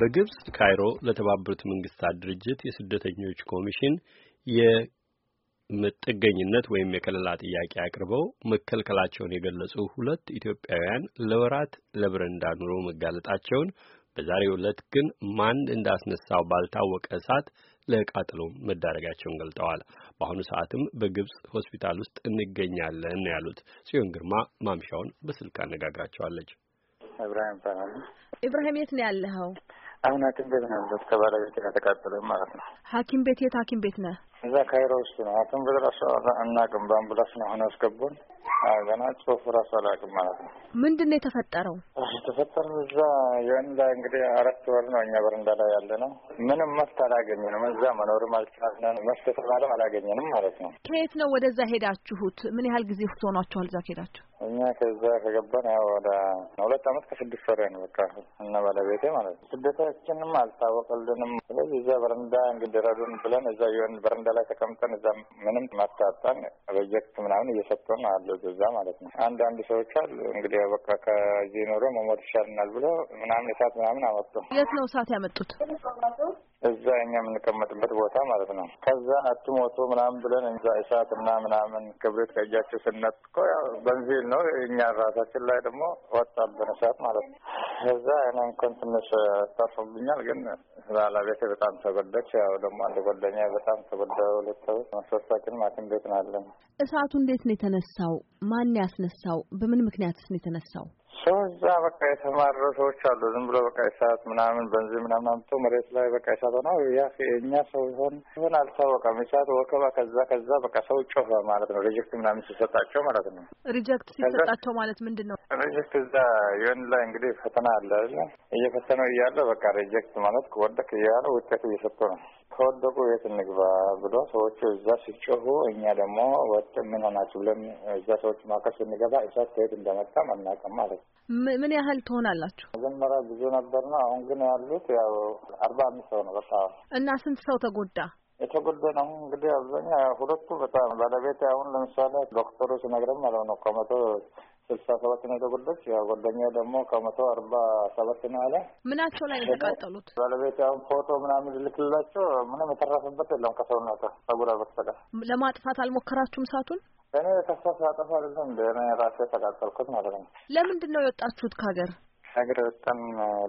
በግብፅ ካይሮ ለተባበሩት መንግስታት ድርጅት የስደተኞች ኮሚሽን የጥገኝነት ወይም የከለላ ጥያቄ አቅርበው መከልከላቸውን የገለጹ ሁለት ኢትዮጵያውያን ለወራት ለብረንዳ ኑሮ መጋለጣቸውን በዛሬው ዕለት ግን ማን እንዳስነሳው ባልታወቀ እሳት ለቃጠሎ መዳረጋቸውን ገልጠዋል። በአሁኑ ሰዓትም በግብጽ ሆስፒታል ውስጥ እንገኛለን ያሉት ጽዮን ግርማ ማምሻውን በስልክ አነጋግራቸዋለች። ኢብራሂም ይባላል። ኢብራሂም የት ነው ያለኸው? አሁን ሐኪም ቤት ነው ያለሁት። ከባለቤቴ ጋር ተቃጠለ ማለት ነው። ሐኪም ቤት የት ሐኪም ቤት ነህ? እዛ ካይሮ ውስጥ ነው። ሐኪም ቤት ራሱ አናውቅም። በአምቡላንስ ነው አሁን ያስገቡን። ገና ጽሁፍ ራሱ አላውቅም ማለት ነው። ምንድን ነው የተፈጠረው? የተፈጠረው እዛ የወንዳ እንግዲህ አራት ወር ነው እኛ በረንዳ ላይ ያለ ነው። ምንም መፍት አላገኘንም። እዛ መኖርም አልቻለን። መፍት የተባለም አላገኘንም ማለት ነው። ከየት ነው ወደዛ ሄዳችሁት? ምን ያህል ጊዜ ውስጥ ሆኗችኋል እዛ ከሄዳችሁ? እኛ ከዛ ከገባን ያው ወደ ሁለት አመት ከስድስት ወር ነው በቃ እና ባለቤቴ ማለት ነው። ስደታችንም አልታወቀልንም። ስለዚህ እዛ በረንዳ እንግዲህ ረዱን ብለን እዛ የሆን በረንዳ ላይ ተቀምጠን እዛ ምንም መታጣን በየክት ምናምን እየሰጡን አሉ ያለው እዛ ማለት ነው። አንዳንድ ሰዎች አሉ እንግዲህ በቃ ከዚህ ኖሮ መሞት ይሻልናል ብሎ ምናምን እሳት ምናምን አመጡ። የት ነው እሳት ያመጡት? እዛ እኛ የምንቀመጥበት ቦታ ማለት ነው። ከዛ አትሞቶ ምናምን ብለን እዛ እሳት እና ምናምን ክብሪት ከእጃቸው ስነጥቆ በንዚል ነው እኛ ራሳችን ላይ ደግሞ ወጣብን እሳት ማለት ነው። እዛ እኔ እንኳን ትንሽ ተርፎብኛል፣ ግን ባለቤቴ በጣም ተጎዳች። ያው ደግሞ አንድ ጓደኛ በጣም ተጎዳ። ሁለተው መስወሳችን ማትን ቤት ናለን። እሳቱ እንዴት ነው የተነሳው? ማን ያስነሳው? በምን ምክንያትስ ነው የተነሳው? ሰው እዛ በቃ የተማረ ሰዎች አሉ። ዝም ብሎ በቃ እሳት ምናምን በንዚ ምናምን አምጥቶ መሬት ላይ በቃ እሳት ሆነ። ያ የእኛ ሰው ይሆን ይሆን አልታወቀም። እሳት ወከባ፣ ከዛ ከዛ በቃ ሰው ጮኸ ማለት ነው። ሪጀክት ምናምን ሲሰጣቸው ማለት ነው። ሪጀክት ሲሰጣቸው ማለት ምንድን ነው? ሪጀክት እዛ የሆን ላይ እንግዲህ ፈተና አለ እየፈተነው እያለ በቃ ሪጀክት ማለት ወደክ እያለ ውጤት እየሰጡ ነው ከወደቁ የት እንግባ ብሎ ሰዎቹ እዛ ሲጮሁ፣ እኛ ደግሞ ወጥ ምን ሆናችሁ ብለን እዛ ሰዎች መካከል ስንገባ እሳት ከየት እንደመጣ አናውቅም ማለት ነው። ምን ያህል ትሆናላችሁ? መጀመሪያ ብዙ ነበር ነው። አሁን ግን ያሉት ያው አርባ አምስት ሰው ነው። በቃ እና ስንት ሰው ተጎዳ? የተጎዳን አሁን እንግዲህ አብዛኛ ሁለቱ በጣም ባለቤት አሁን ለምሳሌ ዶክተሩ ሲነግረን ማለት ነው ከመቶ ስልሳ ሰባት ነው የተጎዳች። ያው ጓደኛ ደግሞ ከመቶ አርባ ሰባት ነው ያለ። ምናቸው ላይ የተቃጠሉት? ባለቤት አሁን ፎቶ ምናምን ልክላቸው ምንም የተረፈበት የለም ከሰውነቱ ጸጉር በስተቀር። ለማጥፋት አልሞከራችሁም እሳቱን? እኔ ተስፋ ሳጠፋ አይደለም እንደ ራሴ ተቃጠልኩት ማለት ነው። ለምንድን ነው የወጣችሁት ከሀገር? ሀገር በጣም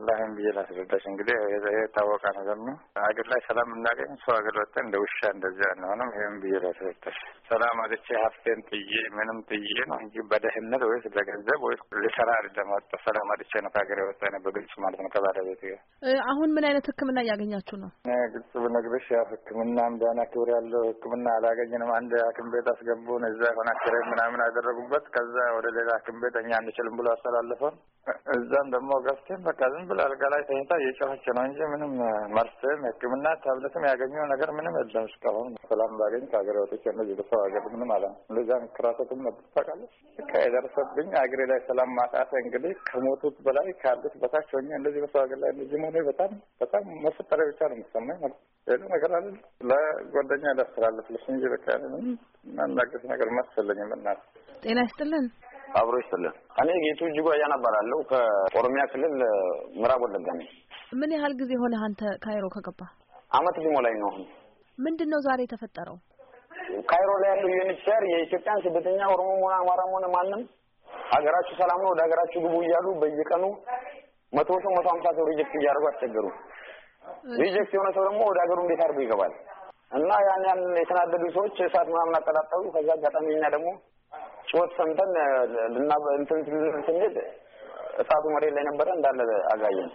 ላህም ብዬ ላስረዳሽ እንግዲህ የታወቀ ነገር ነው። ሀገር ላይ ሰላም እናገኝ ሰው ሀገር ወጠን እንደ ውሻ እንደዚያ አንሆንም። ይህም ብዬ ላስረዳሽ ሰላም አጥቼ ሀብቴን ጥዬ ምንም ጥዬ ነው እንጂ በደህንነት ወይስ ለገንዘብ ወይስ ልሰራ አይደለም። ሰላም አጥቼ ነው ከሀገር ነው በግልጽ ማለት ነው ከባለቤት ጋር። አሁን ምን አይነት ህክምና እያገኛችሁ ነው? ግልጽ ብነግርሽ ያው ህክምና ደህና ክብር ያለው ሕክምና አላገኝንም። አንድ ሐኪም ቤት አስገቡን። እዛ የሆነ ምናምን አደረጉበት። ከዛ ወደ ሌላ ሐኪም ቤት እኛ አንችልም ብሎ አስተላለፈን። እዛም ደግሞ ገብቼ በቃ ዝም ብላ አልጋ ላይ ተኝታ እየጮኸች ነው እንጂ ምንም መርስም ሕክምና ታብለትም ያገኘው ነገር ምንም የለም። እስካሁን ሰላም ባገኝ ከሀገር ወጥቼ እንደዚህ በሰው ሀገር ምንም አለ እንደዛ ምክራሰትም ነበር ታውቃለች። የደረሰብኝ አገሬ ላይ ሰላም ማጣት እንግዲህ ከሞቱት በላይ ካሉት በታች ሆኜ እንደዚህ በሰው ሀገር ላይ እንደዚህ መሆኔ በጣም በጣም መፈጠሪያ ብቻ ነው የሚሰማኝ ማለት ሌላ ነገር አለ ለጓደኛ ላስተላለፍልሽ እንጂ በቃ ምን እናናገር ነገር መስለኝ ምናል ጤና ይስጥልን። አብሮ ይስጥልን። እኔ ጌቱ እጅጉ አያና እባላለሁ። ከኦሮሚያ ክልል ምዕራብ ወለጋ ነኝ። ምን ያህል ጊዜ ሆነ አንተ ካይሮ ከገባ? አመት ሊሞላኝ ነው። አሁን ምንድን ነው ዛሬ የተፈጠረው? ካይሮ ላይ ያለው ዩኤንኤችሲአር የኢትዮጵያን ስደተኛ ኦሮሞ ሆነ አማራ ሆነ ማንም ሀገራችሁ ሰላም ነው ወደ ሀገራችሁ ግቡ እያሉ በየቀኑ መቶ ሰው መቶ ሀምሳ ሰው ሪጀክት እያደረጉ አስቸገሩ። ሪጀክት የሆነ ሰው ደግሞ ወደ ሀገሩ እንዴት አድርጎ ይገባል? እና ያን ያን የተናደዱ ሰዎች እሳት ምናምን አቀጣጠሉ። ከዛ አጋጣሚ እኛ ደግሞ ጮት ሰምተን ልና እንትን ስንል እሳቱ መሬት ላይ ነበረ እንዳለ አጋየን።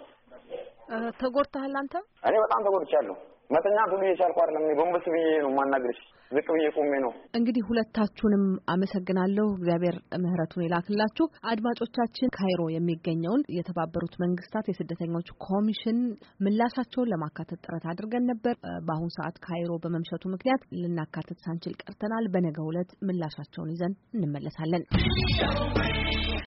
ተጎድተሃል አንተ? እኔ በጣም ተጎድቻለሁ። መተኛቱ ብዬ ቻልኩ አይደለም ጎንበስ ብዬ ነው ማናገርሽ፣ ዝቅ ብዬ ቁሜ ነው። እንግዲህ ሁለታችሁንም አመሰግናለሁ። እግዚአብሔር ምሕረቱን ይላክላችሁ። አድማጮቻችን፣ ካይሮ የሚገኘውን የተባበሩት መንግስታት የስደተኞች ኮሚሽን ምላሻቸውን ለማካተት ጥረት አድርገን ነበር። በአሁኑ ሰዓት ካይሮ በመምሸቱ ምክንያት ልናካተት ሳንችል ቀርተናል። በነገ ዕለት ምላሻቸውን ይዘን እንመለሳለን።